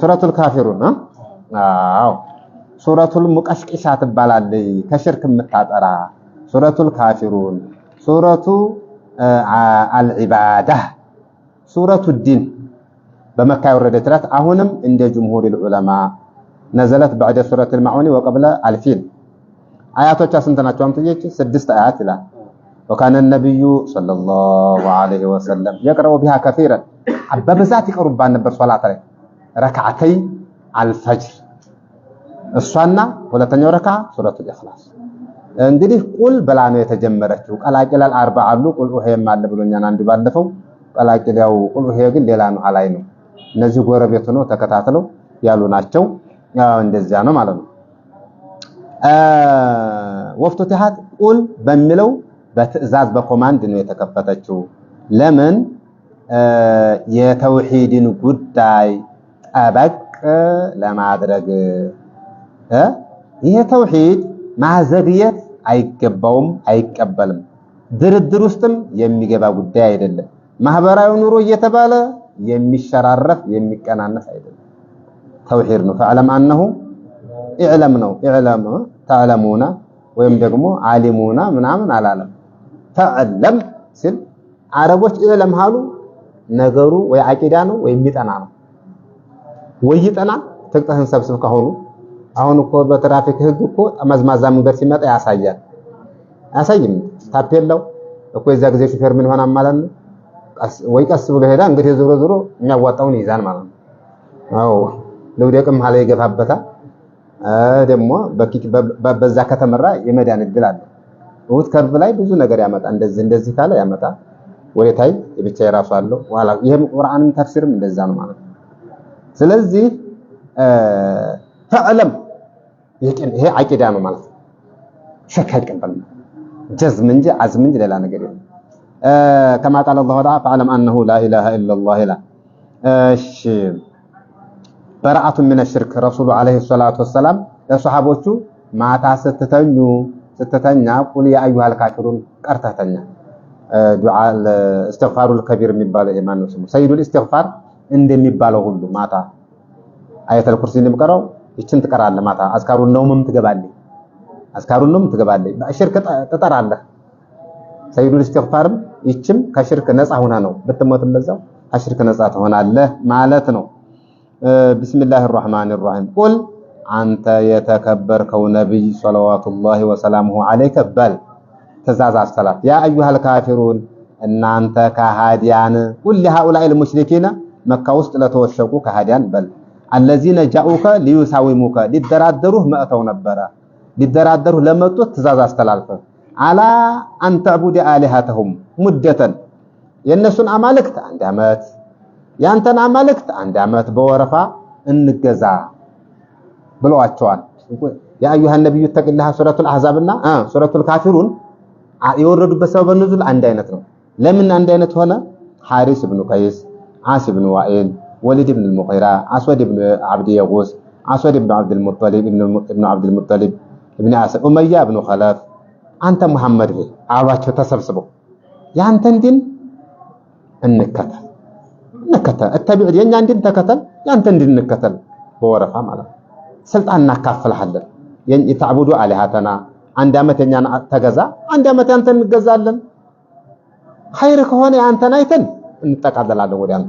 ሱረቱል ካፊሩን አዎ፣ ሱረቱል ሙቀሽቂሻ ትባላለች። ከሽርክ የምታጠራ ሱረቱል ካፊሩን፣ ሱረቱ አልዒባዳ፣ ሱረቱ ዲን በመካ የወረደች ናት። አሁንም እንደ ጅምሁር ልዑለማ ነዘለት በዕደ ሱረት ልማዑኒ ወቀብለ አልፊን። አያቶቿ ስንት ናቸው? አምጥቼ ስድስት አያት ይላል። ወካነ ነቢዩ ሰለላሁ ዐለይሂ ወሰለም የቅረቡ ቢሃ ከፊረን፣ በብዛት ይቀሩባት ነበር ሶላት ላይ ረካዓተይ አልፈጅር እሷና ሁለተኛው ረካ ሱረቱል ኢኽላስ። እንግዲህ ቁል ብላ ነው የተጀመረችው። ቀላቂላል አርባ አሉ ቁል ኡሄም አለ ብሎኛል አንዱ ባለፈው ቀላቂላው ቁል ኡሄ ግን ሌላ ነው አላይ ነው። እነዚህ ጎረቤቱ ነው ተከታትለው ያሉ ናቸው። እንደዚያ ነው ማለት ነው። ወፍቱቲሃት ቁል በሚለው በትዕዛዝ በኮማንድ ነው የተከፈተችው። ለምን የተውሂድን ጉዳይ ጠበቅ ለማድረግ ይሄ ተውሂድ ማዘግየት አይገባውም፣ አይቀበልም። ድርድር ውስጥም የሚገባ ጉዳይ አይደለም። ማህበራዊ ኑሮ እየተባለ የሚሸራረፍ የሚቀናነስ አይደለም። ተውሂድ ነው። ፈዕለም አነሁ ኢዕለም ነው። ኢዕለም ተዕለሙና ወይም ደግሞ አሊሙና ምናምን አላለም። ተዕለም ሲል አረቦች ኢዕለም አሉ ነገሩ ወይ አቂዳ ነው ወይ የሚጠና ነው። ወይጠና ትቅጠህን ሰብስብ ከሆኑ አሁን እኮ በትራፊክ ህግ እኮ ጠመዝማዛ መንገድ ሲመጣ ያሳያል። አያሳይም? ታፔላው እኮ የዛ ጊዜ ሹፌር ምን ይሆናል ማለት ነው? ወይ ቀስ ብሎ ሄዳ እንግዲህ ዞሮ ዞሮ የሚያዋጣውን ይዛል ማለት ነው። አዎ ልውደቅም ሀለ ይገፋበታል። ደግሞ በዛ ከተመራ የመዳን እድል አለ። እሑድ ከርብ ላይ ብዙ ነገር ያመጣ እንደዚህ እንደዚህ ካለ ያመጣ ወደ ታይ የብቻ የራሱ አለው። ይሄም ቁርአንም ተፍሲርም እንደዛ ነው ማለት ነው። ስለዚህ ተዕለም ይሄ አቂዳ ነው ማለት ነው። ሸክ አይቀበልም ጀዝም እንጂ አዝም እንጂ ሌላ ነገር የለም። ከማ ቃል አላሁ ተዓላ ፈዕለም አነሁ ላኢላሃ ኢለላህ ይላል። እሺ በረአቱ ምን ሽርክ ረሱሉ ዓለይሂ ሰላቱ ወሰላም ለሰሓቦቹ ማታ ስትተኙ ስትተኛ ቁል ያ ካፊሩን ቀርተተኛ ዱዓ እስትግፋሩል ከቢር የሚባለው ማነው ስሙ ሰይዱል እስትግፋር እንደሚባለው ሁሉ ማታ አያተል ኩርሲ እንደምቀራው ይችን ትቀራለህ። ማታ አስካሩን ነውምም ትገባለህ፣ አስካሩን ነውም ትገባለህ። በሽርክ ትጠራለህ። ሰይዱል ኢስቲግፋርም ይችም ከሽርክ ነፃ ሆና ነው ብትሞትም በዛው ከሽርክ ነፃ ትሆናለህ ማለት ነው። ቢስሚላሂ ራህማን ራሂም ቁል አንተ የተከበርከው ነብይ ሰለዋቱላሂ ወሰላሙሁ ዐለይከ በል ትእዛዝ አሰላት ያ አዩሃል ካፊሩን እናንተ ከሃዲያን ቁል ለሃኡላኢል ሙሽሪኪና መካ ውስጥ ለተወሸቁ ከሃዲያን በል አለዚነ ጃኡከ ሊዩሳዊሙከ ሊደራደሩህ መእተው ነበረ። ሊደራደሩህ ለመጡት ትእዛዝ አስተላልፈ አላ አንተዕቡድ አሊሃተሁም ሙደተን የእነሱን አማልክት አንድ ዓመት ያንተን አማልክት አንድ ዓመት በወረፋ እንገዛ ብለዋቸዋል። ያ አዩሃ ነብዩ ሱረቱል አህዛብና ሱረቱል ካፊሩን የወረዱበት ሰበብ በንዙል አንድ አይነት ነው። ለምን አንድ አይነት ሆነ? ሐሪስ ብኑ ቀይስ ዓስ ብን ዋኢል ወሊድ ብን ሙቂራ ዓስወድ ብን ዓብዲ የቁስ ዓስወድ ብን ዓብድልሙጠሊብ እብን ዓብድልሙጠሊብ እብን ዓስብ ኡመያ ብን ኸለፍ አንተ ሙሐመድ ሆይ አባቸው ተሰብስበው የአንተን ዲን እንከተል እንከተል እተቢዕ የእኛ እንዲን ተከተል የአንተ እንዲን እንከተል ብወረፋ ማለት ስልጣን እናካፍልሃለን። የተዕቡዱ ኣሊሃተና አንድ ዓመት የእኛን ተገዛ፣ አንድ ዓመት ያንተን እንገዛለን። ኸይር ከሆነ የአንተን አይተን እንጠቃለላለን ወደ አንተ።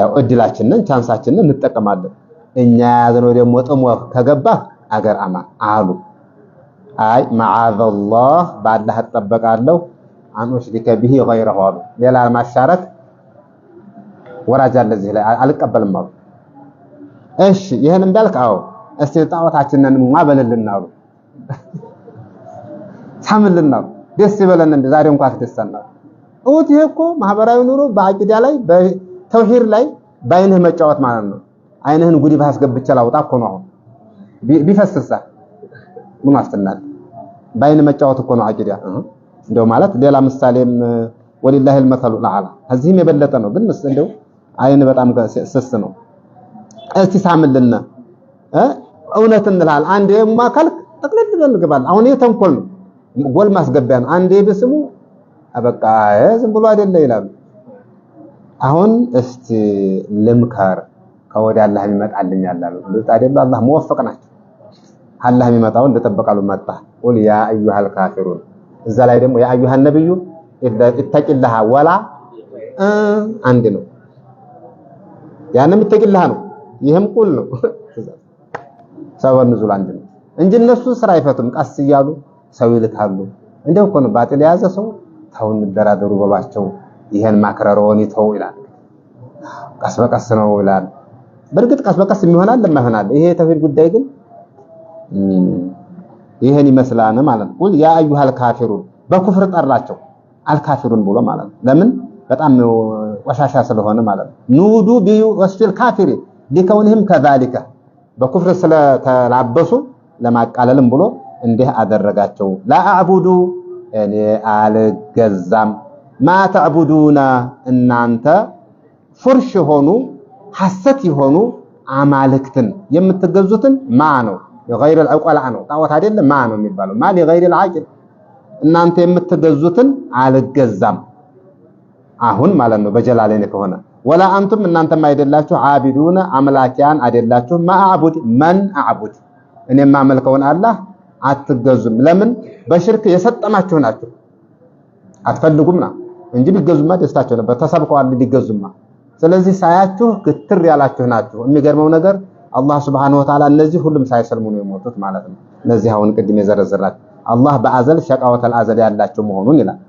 ያው እድላችንን ቻንሳችንን እንጠቀማለን። እኛ የያዝነው ደግሞ ጥሞህ ከገባ አገር አማን አሉ። አይ መዓዘላህ ባላህ እጠበቃለሁ አንኡሽሪከ ቢሂ ገይረሁ አሉ። ሌላ ማሻረክ ወራጅ አለ እዚህ ላይ አልቀበልም አሉ። እሺ ይሄን እንዳልክ አዎ እስቲ ጣዖታችንን ማበልልን አሉ። ሳምልን ደስ ይበለን እንደ ዛሬ እንኳን ደስ አናሉ እውት ይሄ እኮ ማህበራዊ ኑሮ በአቂዳ ላይ በተውሂድ ላይ በአይንህ መጫወት ማለት ነው። አይንህን ጉዲ ባስገብቼ ላውጣ እኮ ነው። ቢፈስሳ ምን ማፍትናል በአይን መጫወት እኮ ነው አቂዳ እንደው ማለት ሌላ ምሳሌም ወሊላሂ አልመሰሉ አላ ከዚህም የበለጠ ነው። ግን እንደው አይን በጣም ስስ ነው። እስቲ ሳምልና እውነት እንላል አንዴ የማካልክ ጠቅልል ልገባል። አሁን ይሄ ተንኮል ነው፣ ጎል ማስገቢያ ነው። አንዴ በስሙ አበቃ ዝም ብሎ አይደለ ይላሉ። አሁን እስቲ ልምከር ከወደ አላህ ይመጣልኝ አላሉ። አይደለ አላህ መወፈቅ ናቸው። አላህ የሚመጣውን ልጠበቃሉ መጣ ቁል ያ አዩሃል ካፊሩን እዛ ላይ ደግሞ ያ አዩሃል ነብዩ እተቂላሃ ወላ አንድ ነው። ያንም እተቂላሃ ነው፣ ይህም ቁል ነው። ሰበብ ንዙል አንድ ነው እንጂ እነሱ ስራ አይፈቱም። ቀስ እያሉ ሰው ይልካሉ። እንደው እኮ ነው ባጢል የያዘ ሰው ተው እንደራደሩ በሏቸው፣ ይሄን ማክረሮውን ይተው ይላል። ቀስ በቀስ ነው ይላል። በእርግጥ ቀስ በቀስ የሚሆናል ለማይሆናል። ይሄ የተውሂድ ጉዳይ ግን ይሄን ይመስላል ማለት ነው። ቁል ያ አዩሃል ካፊሩን በኩፍር ጠራቸው አልካፊሩን ብሎ ማለት ነው። ለምን በጣም ቆሻሻ ስለሆነ ማለት ነው። ኑዱ ቢወስፊል ካፊሪ ሊከውንህም ከዛሊከ በኩፍር ስለተላበሱ ለማቃለልም ብሎ እንዲህ አደረጋቸው ላ አዕቡዱ እኔ አልገዛም። ማተዕቡዱና እናንተ ፉርሽ የሆኑ ሐሰት የሆኑ አማልክትን የምትገዙትን ማ ነው የገይረል ዐውቀልዓ ነው ጣዖት አይደለም። ማ ነው የሚባለው ማ የገይረል ዐቂል እናንተ የምትገዙትን አልገዛም። አሁን ማለት ነው በጀላለኔ ከሆነ ወላ አንቱም እናንተም አይደላችሁ ዓቢዱነ አምላኪያን አይደላችሁ። ማ አዕቡድ መን አዕቡድ እኔ የማመልከውን አላህ አትገዙም። ለምን በሽርክ የሰጠማችሁ ናችሁ። አትፈልጉምና እንጂ ቢገዙማ ደስታቸው ነበር። ተሰብከዋል ቢገዙማ። ስለዚህ ሳያችሁ ግትር ያላችሁ ናችሁ። የሚገርመው ነገር አላህ ስብሐነሁ ወተዓላ እነዚህ ሁሉም ሳይሰልሙ ነው የሞቱት ማለት ነው። እነዚህ አሁን ቅድም የዘረዘራችሁ አላህ በአዘል ሸቃወተል አዘል ያላቸው መሆኑን ይላል።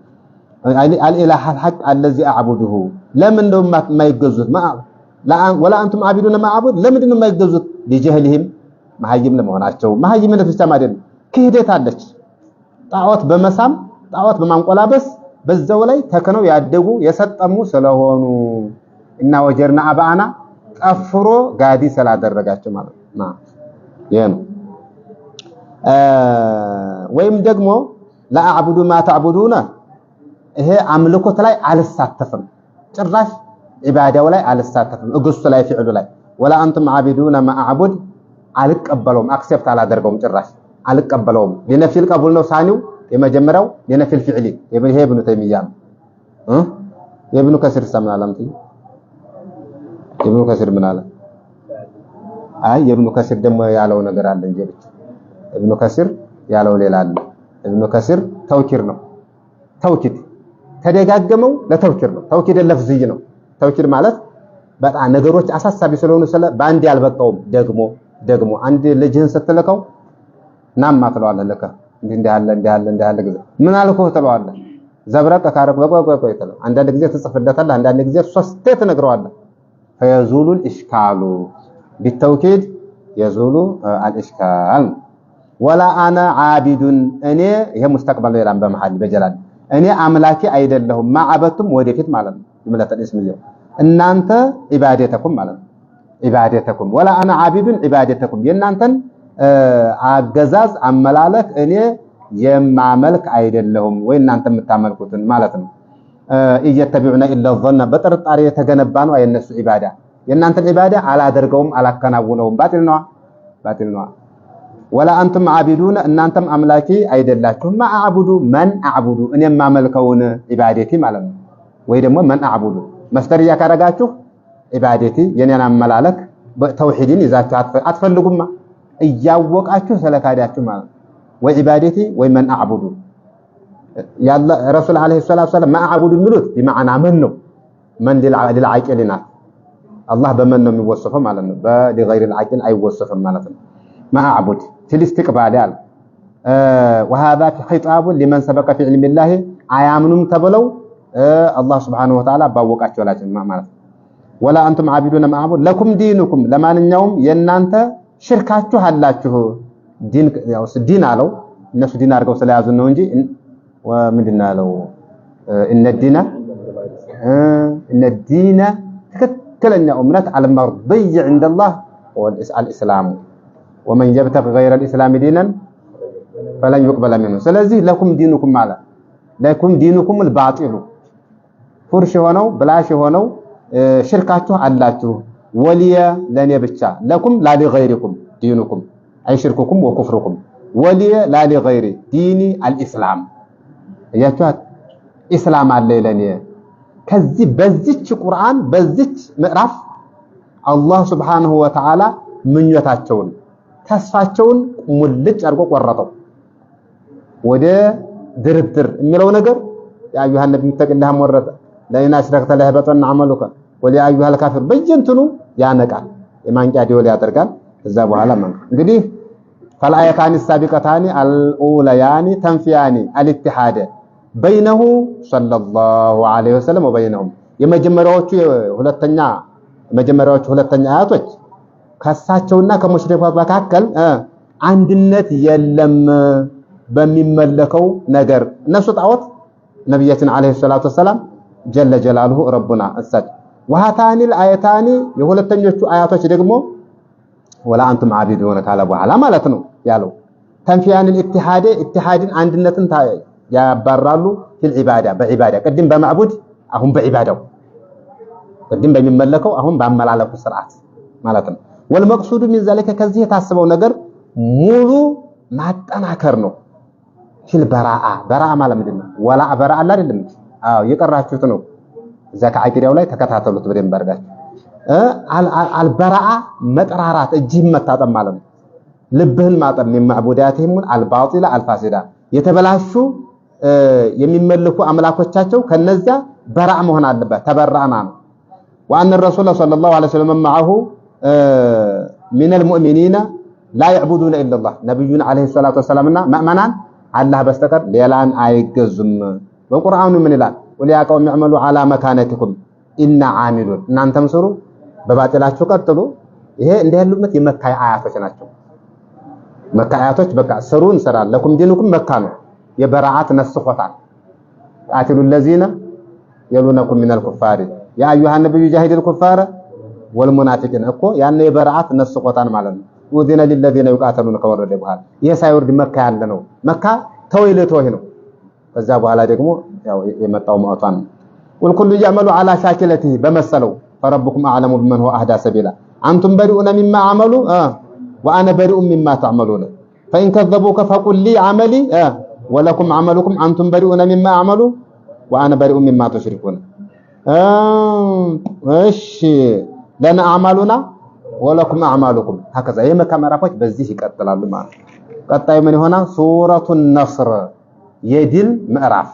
አልኢላህ አልሐቅ አለዚ አዕቡድሁ ለምን ነው የማይገዙት? ወላ አንቱም አቢዱነ ማዕቡድ ለምንድን ነው የማይገዙት? ሊጀህልህም መሀይም ለመሆናቸው መሀይምነት ብቻም አይደለም ክህደት አለች። ጣዖት በመሳም ጣዖት በማንቆላበስ በዛው ላይ ተክነው ያደጉ የሰጠሙ ስለሆኑ እና ወጀርና አባአና ጠፍሮ ጋዲ ስላደረጋቸው ማለት ነው። ይሄ ነው። ወይም ደግሞ ለአዕቡዱ ማ ተዕቡዱነ ይሄ አምልኮት ላይ አልሳተፍም፣ ጭራሽ ዒባዳው ላይ አልሳተፍም፣ እግሱ ላይ ፊዕሉ ላይ ወላ አንቱም ዓቢዱነ ማ አዕቡድ አልቀበለውም፣ አክሴፕት አላደርገውም ጭራሽ አልቀበለውም። ሊነፊል ቀቡል ነው ሳኒው የመጀመሪያው ሊነፊል ፊዕሊ ይሄ ብኑ ተይሚያ ነው። የኢብኑ ከሲር ሰምናል። አምጥ የብኑ ከስር ምን አለ? አይ የብኑ ከስር ደግሞ ያለው ነገር አለ እንጂ ብቻ ኢብኑ ያለው ሌላ አለ። ኢብኑ ከስር ተውኪር ነው። ተውኪድ ተደጋገመው ለተውኪር ነው። ተውኪድ ለፍዝይ ነው። ተውኪድ ማለት በጣም ነገሮች አሳሳቢ ስለሆኑ ስለ በአንድ ያልበቃውም ደግሞ ደግሞ አንድ ልጅህን ስትልከው ናማ ትለዋለህ። ለካ እንዲህ እንዲህ አለ እንዲህ አለ እንዲህ አለ ጊዜ ምን አልኩህ ትለዋለህ። ዘብረቅ ካረክ በቆይ ቆይ ትለው። አንዳንድ ጊዜ ትጽፍለታለህ፣ አንዳንድ ጊዜ ሶስቴ ትነግረዋለህ። ፈየዙሉል ኢሽካሉ ቢተውኪድ የዙሉ አልኢሽካል ወላ አነ ዓቢዱን እኔ ይሄ ሙስተቅበል ሌላም በመሃል በጀላል እኔ አምላኬ አይደለሁም። ማዕበቱም ወደፊት ማለት ነው። ይመለተን እስምየ እናንተ ኢባዴተኩም ማለት ነው። ኢባዴተኩም ወላ አነ ዓቢዱን ኢባዴተኩም የእናንተን አገዛዝ አመላለክ እኔ የማመልክ አይደለሁም ወይ እናንተ የምታመልኩትን ማለት ነው። እየተቢዑና ኢላ ዞና በጥርጣሬ የተገነባ ነው የነሱ ዒባዳ። የእናንተን ዒባዳ አላደርገውም፣ አላከናውነውም። ባጢል ነዋ፣ ባጢል ነዋ። ወላ አንቱም ዓቢዱነ እናንተም አምላኪ አይደላችሁም። ማ አዕቡዱ መን አዕቡዱ እኔ የማመልከውን ዒባዴቲ ማለት ነው። ወይ ደግሞ መን አዕቡዱ መስተርያ ካረጋችሁ ዒባዴቲ የኔን አመላለክ ተውሒድን ይዛችሁ አትፈልጉማ እያወቃችሁ ስለካዳችሁ ማለት ነው። ወይ ወዒባዴቲ ወይ መን አዕቡዱ ያለ ረሱል ዓለይሂ ሰላቱ ወሰላም መን አዕቡዱ የሚሉት ቢመዓና መን ነው። መን ልልዓቂል ናት። አላህ በመን ነው የሚወሰፈው ማለት ነው። በሊገይሪ ልዓቂል አይወሰፍም ማለት ነው። መን አዕቡድ ፊልስቲቅባል አለ ወሃዛ ኺጣቡን ሊመን ሰበቀ ፊ ዕልሚላሂ አያምኑም ተብለው አላህ ስብሓነሁ ወተዓላ ባወቃቸው ላችን ማለት ነው። ወላ አንቱም ዓቢዱነ መን አዕቡድ ለኩም ዲኑኩም ለማንኛውም የእናንተ ሽርካችሁ አላችሁ ዲን አለው። እነሱ ዲን አድርገው ስለያዙ ነው እንጂ ምንድን ነው እነዲነ እነዲነ ትክክለኛ እምነት አልመርድይ ዐንደላህ አልእስላሙ ወመን የብተግ ገይረ ልእስላሚ ዲነን ፈለን ዩቅበለ ሚንሁ። ስለዚህ ለኩም ዲኑኩም አለ ለኩም ዲኑኩም ልባጢሉ ፉርሽ የሆነው ብላሽ የሆነው ሽርካችሁ አላችሁ ወልየ ለኔ ብቻ ለኩም ላሊ ገይሪኩም ዲኑኩም አይ ሽርኩኩም ወኩፍርኩም ወልየ ላሊ ገይሪ ዲኒ አልኢስላም እያችኋት ኢስላም አለ ለኔ። ከዚህ በዚች ቁርአን በዚች ምዕራፍ አላህ ሱብሓነሁ ወተዓላ ምኞታቸውን ተስፋቸውን ሙልጭ አድርጎ ቆረጠው። ወደ ድርድር የሚለው ነገር ያ አዩሃ ነብይ ተቀላህ ወረደ ለይና አሽረክተ አመሉከ ወለያ አዩሃ አልካፊር በየንትኑ ያነቃል፣ የማንቂያ ዲወል ያደርጋል። ከዛ በኋላ ማንቂያ እንግዲህ ፈልአየታኒ ሳቢቀታኒ አልኡለያኒ ተንፊያኒ አልኢትሓደ በይነሁ ሰለላሁ ዐለይሂ ወሰለም ወበይነሁም የመጀመሪያዎቹ ሁለተኛ መጀመሪያዎቹ ሁለተኛ አያቶች ከእሳቸውና ከሙሽሪኮች መካከል አንድነት የለም በሚመለከው ነገር እነሱ ጣዖት ነቢያችን ዐለይሂ ሰላቱ ወሰላም ጀለ ጀላሉሁ ረቡና እሳቸው ወሃታኒል አያታኒ የሁለተኞቹ አያቶች ደግሞ ወላ አንቱም ዓቢዱ የሆነ ካለ በኋላ ማለት ነው ያለው ተንፊያንን ኢትሃደ ኢትሃድን አንድነትን ያባራሉ ፊል ዒባዳ በዒባዳ ቅድም በማዕቡድ አሁን በዒባዳው ቅድም በሚመለከው አሁን በአመላለኩ ስርዓት ማለት ነው። ወልመቅሱዱ ሚን ዛሊከ ከዚህ የታስበው ነገር ሙሉ ማጠናከር ነው። ፊል በራአ በራአ ማለት ምንድነው? ወላ በራአ አይደለም። አዎ የቀራችሁት ነው እዛ ከአቂዳው ላይ ተከታተሉት በደንብ አድርጋችሁ። አልበራአ መጠራራት እጅህን መታጠብ ማለት ነው። ልብህን ማጠብ ሚማዕቡዳትህም አልባጢላ አልፋሲዳ የተበላሹ የሚመልኩ አምላኮቻቸው ከነዚያ በራእ መሆን አለበት። ተበራእና ነው ወአን ረሱል ሰለላሁ ዐለይሂ ወሰለም ማዐሁ ሚነል ሙእሚኒና ላ ያዕቡዱነ ኢለላህ ነብዩን ዐለይሂ ሰላቱ ወሰላምና ምእመናን አላህ በስተቀር ሌላን አይገዙም። በቁርአኑ ምን ይላል? ወሊያቀው ቀውም አላ መካነትኩም ኢና አሚሉን እናንተም ስሩ በባጢላችሁ ቀጥሉ። ይሄ እንደ ያሉበት የመካ አያቶች ናቸው። መካ አያቶች በቃ ስሩ እንሰራል ለኩም ዲኑኩም መካ ነው የበራዓት ነስኾታል ቃትሉ ለዚነ የሉነኩም ሚነል ኩፋሪ ያ አዩሃ ነብዩ ጃሂድል ኩፋረ ወልሙናፊቂን እኮ ያን የበራዓት ነስኾታል ማለት ነው። ኡዚነ ሊለዚነ ዩቃተሉን ከወረደ በኋላ ይሄ ሳይወርድ መካ ያለ ነው። መካ ተወይ ለተወይ ነው ከዛ በኋላ ደግሞ ያው የመጣው ማውጣን ቁል ኩሉ ያመሉ አላ ሻኪለቲ በመሰለው ፈረብኩም አዕለሙ ቢመን ሁወ አህዳ ሰቢላ አንቱም በሪኡነ ሚማ አመሉ ወአነ በሪኡ ሚማ ተዕመሉነ ፈኢን ከዘቡከ ፈቁል ሊ አመሊ ወለኩም አመሉኩም አንቱም በሪኡነ ሚማ አመሉ ወአነ በሪኡ ሚማ ቱሽሪኩነ እሺ ለነ አዕማሉና ወለኩም አዕማሉኩም ሀከዛ የመካ ምዕራፎች በዚህ ይቀጥላሉ ማለት ቀጣይ ምን ይሆናል ሱረቱን ነስር የድል ምዕራፍ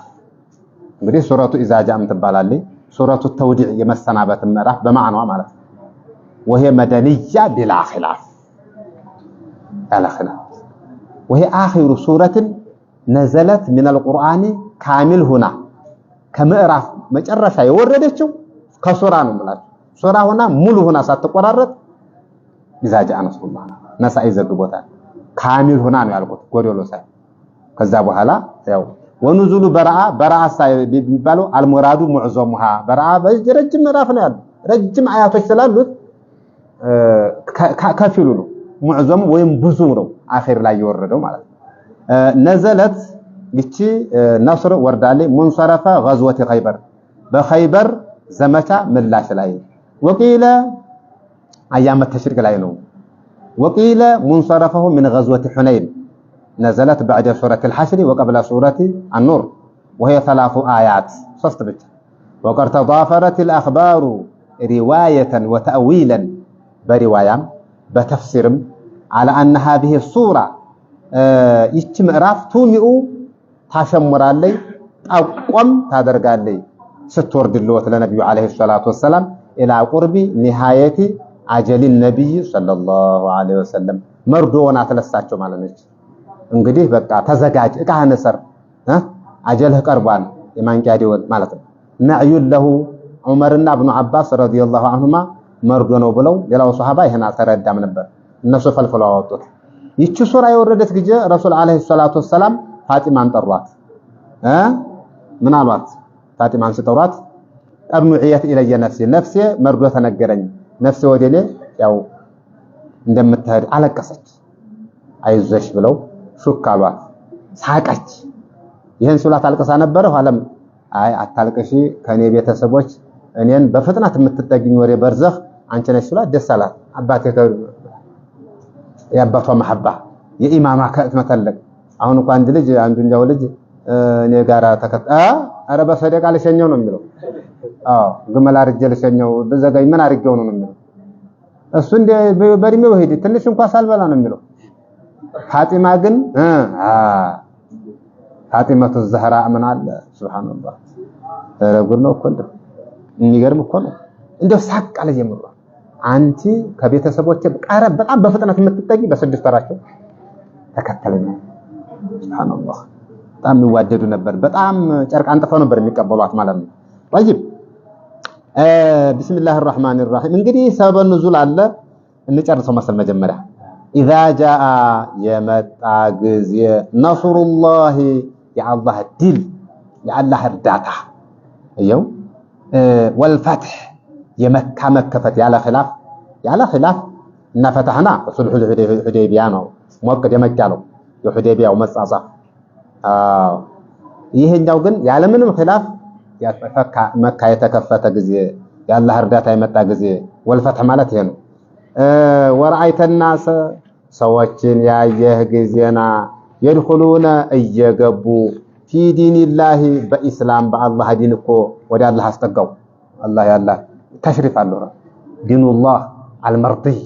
እንግዲህ ሱረቱ ኢዛጃም ትባላለች። ሱረቱ ተውዲዕ የመሰናበትን ምዕራፍ በማዕኗ ማለት ነው። ወሄ መደንያ ቢላ ኺላፍ ያለ ኺላፍ ወሄ አኺሩ ሱረትን ነዘለት ሚነል ቁርአን ካሚል ሁና ከምዕራፍ መጨረሻ የወረደችው ከሱራ ነው የምላችሁ። ሱራ ሁና ሙሉ ሁና ሳትቆራረጥ ኢዛጃ ነሱላ ነሳኢ ዘግቦታል። ካሚል ሁና ነው ያልኩት ጎዶሎ ሳይሆን ከዛ በኋላ ያው ወኑዙሉ በረአ በረአ የሚባለው አልሙራዱ ሙዕዞሙሃ በረአ ረጅም ምዕራፍ ነው ያለው። ረጅም አያቶች ስላሉት ከፊሉ ነው ሙዕዞም ወይም ብዙ ነው አኺር ላይ የወረደው ማለት ነው። ነዘለት ይቺ ነስር ወርዳለ ሙንሰረፈ ገዝወት ኸይበር በኸይበር ዘመቻ ምላሽ ላይ ወቂለ አያመት ተሽሪክ ላይ ነው። ወቂለ ሙንሰረፈሁ ምን ገዝወት ሑነይን نزلت بعد سورة الحشر وقبل سورة النور وهي ثلاث آيات صفت وقد ضافرت الأخبار رواية وتأويلا برواية بتفسير على أن هذه الصورة يتم آه، إعراف تومئ تشمر لي أو قم تدرج ستور دلوة اللوت عليه الصلاة والسلام إلى قرب نهاية عجل النبي صلى الله عليه وسلم مردونا ثلاث ساعات على نجد. እንግዲህ በቃ ተዘጋጅ፣ እቃ ሰር፣ አጀልህ ቀርቧል፣ የማንቂያ ደወል ማለት ነው። ነዕዩን ለሁ ዑመርና እብኑ አባስ ረዲየላሁ አንሁማ መርዶ ነው ብለው ሌላው ሰሃባ ይሄን አልተረዳም ነበር። እነሱ ፈልፍለው አወጡት። ይቺ ሱራ የወረደች ጊዜ ረሱል ዓለይሂ ሰላቱ ወሰላም ፋጢማን ጠሯት። ምን አሏት? ፋጢማን ስጠሯት ቀድ ኑዕየት ኢለየ ነፍሴ ነፍሴ መርዶ ተነገረኝ፣ ነፍሴ ወደ ያው እንደምትሄድ አለቀሰች። አይዞሽ ብለው ሹካባ ሳቀች። ይህን ሲሏት አልቅሳ ነበረ። ኋላም አይ አታልቅሺ፣ ከኔ ቤተሰቦች እኔን በፍጥነት የምትጠግኝ ወሬ በርዘህ አንቺ ነሽ ሲሏት ደስ አላት። አባቴ የአባቷ መሐባ የኢማማ ከእት መተለቅ አሁን እንኳን አንድ ልጅ አንዱ እንዲያው ልጅ እኔ ጋራ ተከታ አረ በሰደቃ ልሸኘው ነው የሚለው። አዎ ግመል አርጄ ልሸኘው ብዘጋኝ ምን አርጌው ነው የሚለው። እሱ እንደ በእድሜው ሄድ ትንሽ እንኳን ሳልበላ ነው የሚለው ፋጢማ ግን ፋጢመቱ ዘህራ ምን አለ ሱብሃንአላህ። ኧረ ነው እኮ እንደው የሚገርም እኮ ነው። እንደው ሳቅ አለ ጀምሮ አንቺ ከቤተሰቦቼ ቀረ በጣም በፍጥነት የምትጠጊ በስድስት ወራቸው ተከተለኛ። ሱብሃንአላህ በጣም የሚዋደዱ ነበር። በጣም ጨርቅ አንጥፈው ነበር የሚቀበሏት ማለት ነው። ጠይብ ቢስሚላሂ ራህማኒ ራሂም። እንግዲህ ሰበብ ኑዙል አለ እንጨርሰው መሰል መጀመሪያ ኢዛ ጃአ የመጣ ጊዜ ነስሩላሂ የአላህ ድል የአላህ እርዳታ እየው ወልፈትሕ የመካ መከፈት ያለ ኺላፍ ያለ ኺላፍ እና ፈታህና ሱልሑ ሑደይቢያ ነው ሞቅ ደመቅ ያለው የሑደይቢያው መጻጻፍ። ይሄኛው ግን ያለምንም ኺላፍ መካ የተከፈተ ጊዜ የአላህ እርዳታ የመጣ ጊዜ ወልፈትሕ ማለት ይሄ ነው። ወርአይተናሰ ሰዎችን ያየህ ጊዜና የድኹሉነ እየገቡ ፊ ዲኒላሂ በኢስላም በአላህ ዲን እኮ ወደ አላህ አስጠጋው። አላህ ያላ ተሽሪፍ አለው ዲኑላህ አልመርዲይ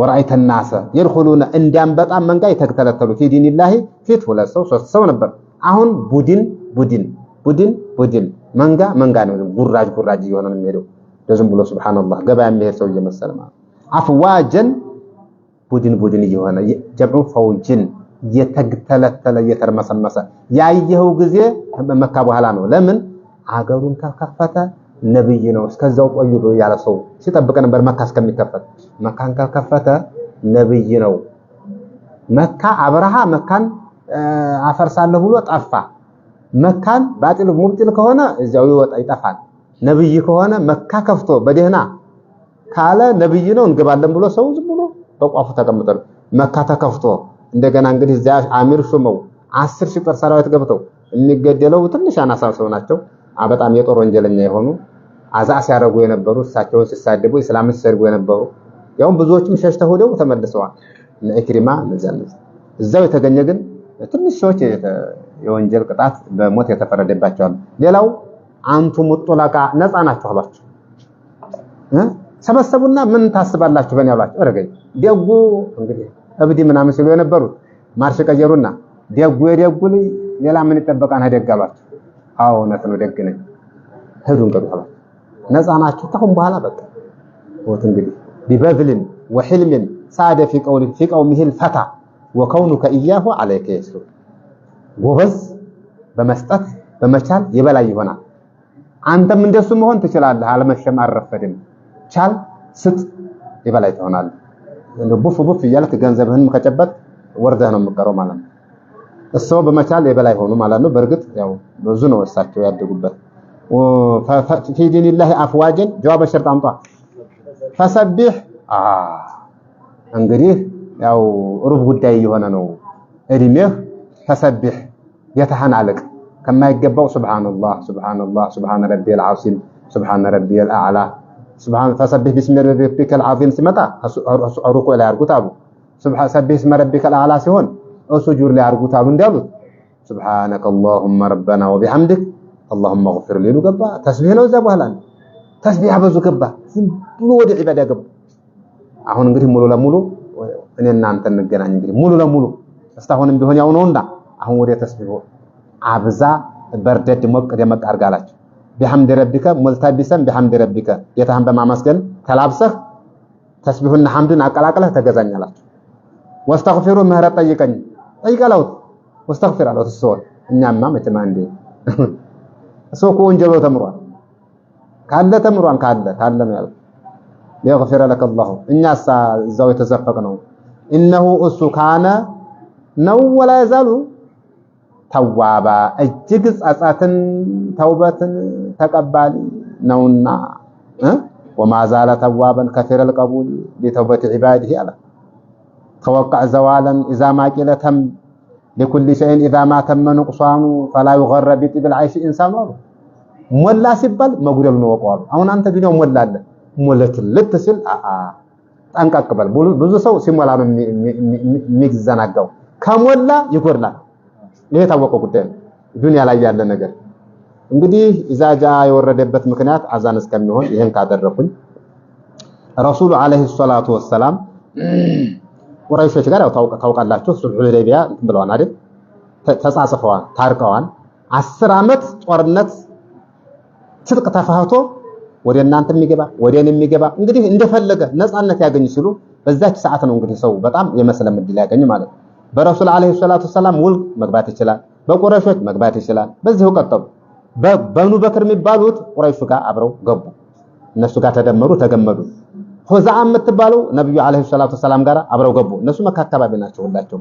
ወራአይተናሰ የድኹሉነ እንዳንበጣ መንጋ የተተለተሉ ፊ ዲኒላሂ ፊት ሁለት ሰው ሶስት ሰው ነበር። አሁን ቡድን ቡድን ቡድን ቡድን መንጋ መንጋ ነው፣ ጉራጅ ጉራጅ እየሆነ ነው የሚሄደው ለዝም ብሎ ሱብሃንአላህ ገበያ የሚሄድ ሰው እየመሰለ ማለት አፍዋጀን ቡድን ቡድን እየሆነ ጀምዑ ፈውጅን እየተግተለተለ እየተርመሰመሰ ያየኸው ጊዜ መካ በኋላ ነው። ለምን አገሩን ከከፈተ ነብይ ነው እስከዛው ቆዩ ብሎ ያለ ሰው ሲጠብቅ ነበር። መካ እስከሚከፈት መካን ከከፈተ ነብይ ነው። መካ አብርሃ መካን አፈርሳለሁ ብሎ ጠፋ። መካን ባጢል ሙብጢል ከሆነ እዚያው ይወጣ ይጠፋል። ነብይ ከሆነ መካ ከፍቶ በደህና ካለ ነብይ ነው እንገባለን ብሎ ሰው ዝም ብሎ በቋፉ ተቀምጦ መካ ተከፍቶ እንደገና እንግዲህ እዚያ አሚር ሹመው አስር ሺህ ጦር ሰራዊት ገብተው የሚገደለው ትንሽ አናሳ ሰው ናቸው። በጣም የጦር ወንጀለኛ የሆኑ አዛ ሲያደርጉ የነበሩ እሳቸውን ሲሳደቡ እስላምን ሲሰርጉ የነበሩ ያውም ብዙዎችም ሸሽተው ሄደው ተመልሰዋል። ኢክሪማ እዛው የተገኘ ግን ትንሽ ሰዎች የወንጀል ቅጣት በሞት የተፈረደባቸዋል። ሌላው አንቱ ሙጥላቃ ነፃ ናችሁ አሏቸው። ሰበሰቡና ምን ታስባላችሁ በእኔ አሏቸው። እርገኝ ደጉ እንግዲህ እብድ ምናምን ሲሉ የነበሩት ማርሽ ቀየሩና ደጉ የደጉ ልጅ ሌላ ምን ይጠበቃን ደግ አሏቸው። አዎ እውነት ነው ደግ ነኝ። ሂዱ እንቅዱ አሏቸው። ነፃ ናችሁ ከአሁን በኋላ በቃ ወት እንግዲህ ቢበዝልን ወሕልምን ሳደ ፊ ቀውል ፊ ቀውሚሂል ፈታ ወከውኑከ ኢያሁ ዐለይከ የሱ ጎበዝ በመስጠት በመቻል የበላይ ይሆናል። አንተም እንደሱ መሆን ትችላለህ። አልመሸም አልረፈድም ቻል ስጥ የበላይ ትሆናለህ። ቡፍ ቡፍ እያልክ ገንዘብህን ከጨበጥ ወርደህ ነው የምቀረው ማለት ነው። እሰው በመቻል የበላይ ሆኑ ማለት ነው። በእርግጥ ያው ብዙ ነው እሳቸው ያደጉበት ፊ ዲኒላሂ አፍዋጅን ጀዋበ ሸርጥ አምጧ ፈሰቢህ እንግዲህ ያው ሩብ ጉዳይ የሆነ ነው እድሜህ። ፈሰቢህ የተሃን ከማይገባው ሱብሓነላህ ሱብሓነላህ ሱብሓነ ረቢየል ዓሲም ሱብሓነ ረቢየል አዕላ ፈሰቢህ ቢስሚ ረቢከል ዓዚም ሲመጣ ሩኩ ላይ አርጉት አሉ። ሰቢህ ስመ ረቢከል አዕላ ሲሆን ሱጁድ ላይ አርጉት አሉ። እንዳሉት ሱብሓነከ አላሁመ ረበና ወቢሐምድክ አላሁመ ግፊር ሊሉ ገባ። ተስቢህ ነው። እዛ በኋላ ተስቢህ አበዙ ገባ። ዝም ብሎ ወደ ዒባዳ ገባ። አሁን እንግዲህ ሙሉ ለሙሉ እኔ እናንተ እንገናኝ እንግዲህ ሙሉ ለሙሉ እስካሁንም ቢሆን ያው ነውና አሁን ወደ ተስቢህ አብዛ በርደድ ሞቅ ደመቅ አድርጋላችሁ ቢሐምድ ረቢከ ሙልተቢሰን ቢሐምድ ረቢከ ጌታህን በማመስገን ተላብሰህ ተስቢሁና ሐምድን አቀላቅለህ ተገዛኛላችሁ። ወስተግፊሩ ምህረት ጠይቀኝ ጠይቀለውት ወስተግፊር አለውት እሱን እኛማ መቼም አንዴ እሱ እኮ ወንጀሎ ተምሯል ካለ ተምሯል ካለ ካለ ነው ያለው ሊየግፊረ ለከ አላሁ እኛሳ እዛው የተዘፈቅ ነው። እነሁ እሱ ካነ ነው ወላ የዛሉ ተዋባ እጅግ ጸጸትን ተውበትን ተቀባል ነውና ወማዛለ ተዋበን ከፊረ ልቀቡል ሊተውበት ዒባድህ አለ ተወቃዕ ዘዋለን ኢዛ ማቂለተም ሊኩል ሸይን ኢዛ ማተመ ንቁሷኑ ፈላ ዩገረ ቢጢብል ዓይሽ ኢንሳን አሉ። ሞላ ሲባል መጉደሉ ነው አሁን አንተ ዱኒያው ሞላለ ሞለትልት ሲል ጠንቀቅ ብዙ ሰው ሲሞላ ነው የሚዘናጋው፣ ከሞላ ይጎድላል። ይሄ የታወቀ ጉዳይ ነው። ዱንያ ላይ ያለ ነገር እንግዲህ ኢዛጃ የወረደበት ምክንያት አዛን እስከሚሆን ይሄን ካደረኩኝ ረሱሉ አለይሂ ሰላቱ ወሰላም ቁረይሾች ጋር ያው ታውቃላችሁ ሱልሁ ሁደይቢያ እንትን ብለዋል አይደል? ተጻጽፈዋል፣ ታርቀዋል። አስር ዓመት ጦርነት ትጥቅ ተፋህቶ ወደ እናንተ የሚገባ ወደ እኔ የሚገባ እንግዲህ እንደፈለገ ነፃነት ያገኝ ሲሉ በዛች ሰዓት ነው እንግዲህ ሰው በጣም የመስለም እድል ያገኝ ማለት ነው። በረሱል ዓለይሂ ሰላቱ ሰላም ውል መግባት ይችላል። በቁረሾች መግባት ይችላል። በዚሁ ቀጠሉ። በኑ በክር የሚባሉት ቁረይሹ ጋር አብረው ገቡ። እነሱ ጋር ተደመሩ፣ ተገመዱ። ሆዛዓ የምትባለው ነብዩ ዓለይሂ ሰላቱ ሰላም ጋር አብረው ገቡ። እነሱ መካ አካባቢ ናቸው ሁላቸው።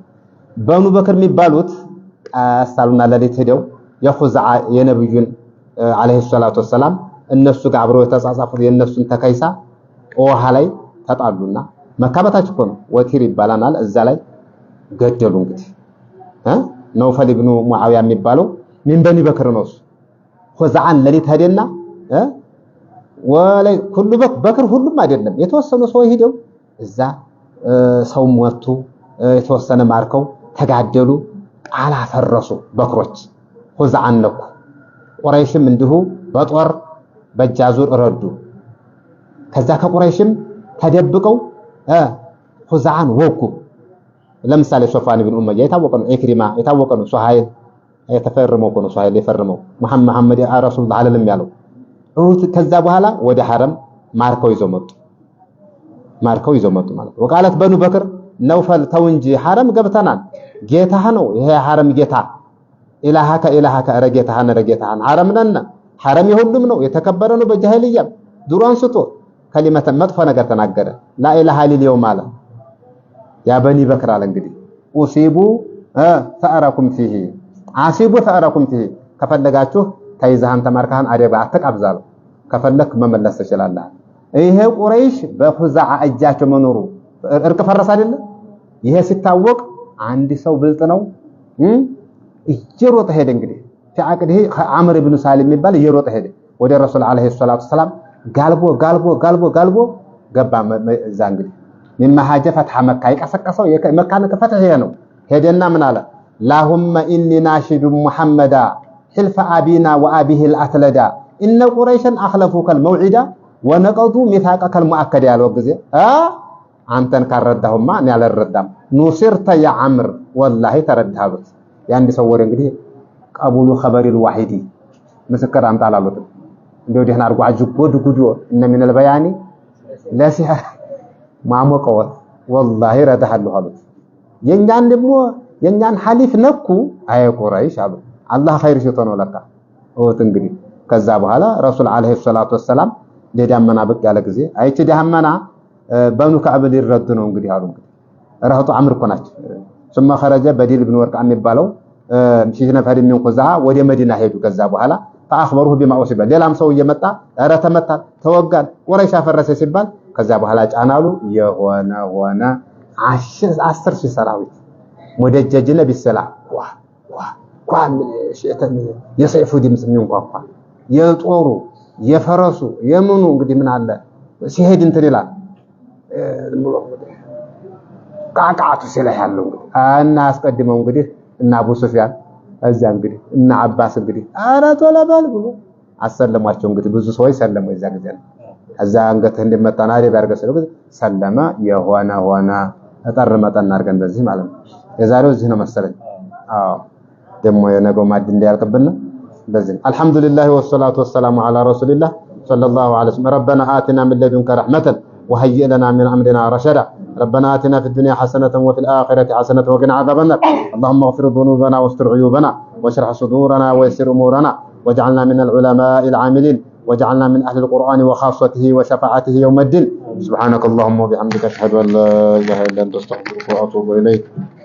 በኑ በክር የሚባሉት ቀስ አሉና ለሌት ሄደው የሆዛዓ የነብዩን ዓለይሂ ሰላቱ ሰላም እነሱ ጋር አብረው የተጻጻፉት የእነሱን ተከይሳ ውሃ ላይ ተጣሉና መካበታች እኮ ነው ወቲር ይባላናል እዛ ላይ ገደሉ። እንግዲህ ነውፈል ብኑ ሙዓውያ የሚባለው ሚን በኒ በክር ነው። እሱ ለሊት ሄደና ወላይ ሁሉ በክር ሁሉም አይደለም፣ የተወሰኑ ሰው ሄደው እዛ ሰው ሞቱ፣ የተወሰነ ማርከው ተጋደሉ፣ ቃል አፈረሱ በክሮች ሆዛአን ነኩ። ቁረይሽም እንዲሁ በጦር በእጃዙር ረዱ። ከዛ ከቁረይሽም ተደብቀው ሆዛዓን ወጉ። ለምሳሌ ሶፋን ኢብኑ ኡመያ የታወቀ ነው። ኢክሪማ የታወቀ ነው። ሱሃይል የተፈረመው ነው። ሱሃይል የፈረመው መሐመድ ረሱሉላህ አለለም ያለው እሁት። ከዛ በኋላ ወደ ሐረም ማርከው ይዞ መጡ። ማርከው ይዞ መጡ ማለት ነው። ወቃለት በኑ በክር ነውፈል ተው እንጂ ሐረም ገብተናል። ጌታህ ነው ይሄ ሐረም ጌታ ኢላሃከ ኢላሃከ ረጌታህን ረጌታህን ሐረም ነን ሐረም የሁሉም ነው የተከበረ ነው። በጃሂልያም ድሮ አንስቶ ከሊመተ መጥፎ ነገር ተናገረ። ላኢላሃ ሊል የውም አለ ያ በኒ በክር አለ እንግዲህ ኡሲቡ ተአራኩም ፊሂ አሲቡ ተአራኩም ፊሂ ከፈለጋችሁ ተይዛህን ተማርካህን አደባ አተቃብዛሉ ከፈለክ መመለስ ትችላለህ። ይሄ ቁረይሽ በሁዛ እጃቸው መኖሩ እርቅ ፈረስ አይደለ? ይሄ ሲታወቅ አንድ ሰው ብልጥ ነው እየሮጠ ሄደ። እንግዲህ ፊአቅድህ አምር ብኑ ሳሊም የሚባል እየሮጠ ሄደ ወደ ረሱል ዓለይሂ ሰላቱ ሰላም ጋልቦ ጋልቦ ጋልቦ ጋልቦ ገባ እዛ እንግዲህ ሚማሃጀ ፈትሐ መካ የቀሰቀሰው መካን ፈትሕ ነው። ሄደና ምን አለ? ላሁመ ኢኒ ናሽዱ ሙሐመዳ ሕልፈ አቢና ወአቢሂል አትለዳ እነ ቁረይሸን አኽለፉ ከልመውዒዳ ወነቀቱ ሚታቀ ከልሙአከድ ያለው ጊዜ አንተን ካረዳሁማ እኔ አልረዳም። ኑሲርተ ያ ወላሂ ተረዳህበት። የአንድ ሰው ወሬ እንግዲህ ቀቡሉ ኸበሪል ዋሂዲ ምስክር አምጣ አላሉትም። እንዲሁ ደህና አድርጎ አጅጎ ድጉዶ እነ ሚነል በያኒ ለሲሐ ማሞቀዋል። ወላሂ ረዳሃለሁ አሉት። የኛን ደግሞ የኛን ሐሊፍ ነኩ። አይ ቁረይሽ አሉ። አላህ ኸይር ሽቶ ነው ለካ እውት። እንግዲህ ከዛ በኋላ ረሱል አለይሂ ሰላቱ ወሰላም ደዳመና ብቅ ያለ ጊዜ አይቺ ደዳመና በኑ ከዕብ ሊረዱ ነው እንግዲህ አሉ። እንግዲህ ረህጡ አምር እኮ ናቸው። ሱመ ኸረጀ በዲል ብን ወርቃ የሚባለው ሲነ ፈሪ ሚን ኹዛሃ ወደ መዲና ሄዱ። ከዛ በኋላ ፈአኽበሩሁ ቢማ ኡሲበ ሌላም ሰው እየመጣ ኧረ ተመታል፣ ተወጋል፣ ቁረይሽ አፈረሰ ሲባል ከዛ በኋላ ጫናሉ የሆነ ሆነ። አስር ሺህ ሰራዊት ወደ ጀጅነ ቢሰላ ዋ ዋ ኳ የሰይፉ ድምፅ የሚንኳኳ የጦሩ የፈረሱ የምኑ እንግዲህ ምን አለ ሲሄድ እንትን ይላል ቃቃቱ ሲለህ ያለው እንግዲህ እና አስቀድመው እንግዲህ እና አቡ ሱፊያን እዛ እንግዲህ እና አባስ እንግዲህ ኧረ ቶሎ በል ብሎ አሰለሟቸው። እንግዲህ ብዙ ሰዎች ሰለሙ የዛ ጊዜ ነው። أزانغت هند متناري بارغس لوجد سلما يهوانا هوانا أتار متن نارغن بزيم علم إزارو زينو مسترين آه دمو ينقو ما الدين ديال بزيم الحمد لله والصلاة والسلام على رسول الله صلى الله عليه وسلم ربنا آتنا من لدنك رحمة وهيئ لنا من أمرنا رشدا ربنا آتنا في الدنيا حسنة وفي الآخرة حسنة وقنا عذاب النار اللهم اغفر ذنوبنا واستر عيوبنا واشرح صدورنا ويسر أمورنا واجعلنا من العلماء العاملين وجعلنا من أهل القرآن وخاصته وشفاعته يوم الدين سبحانك اللهم وبحمدك أشهد أن لا إله إلا أنت أستغفرك وأتوب إليك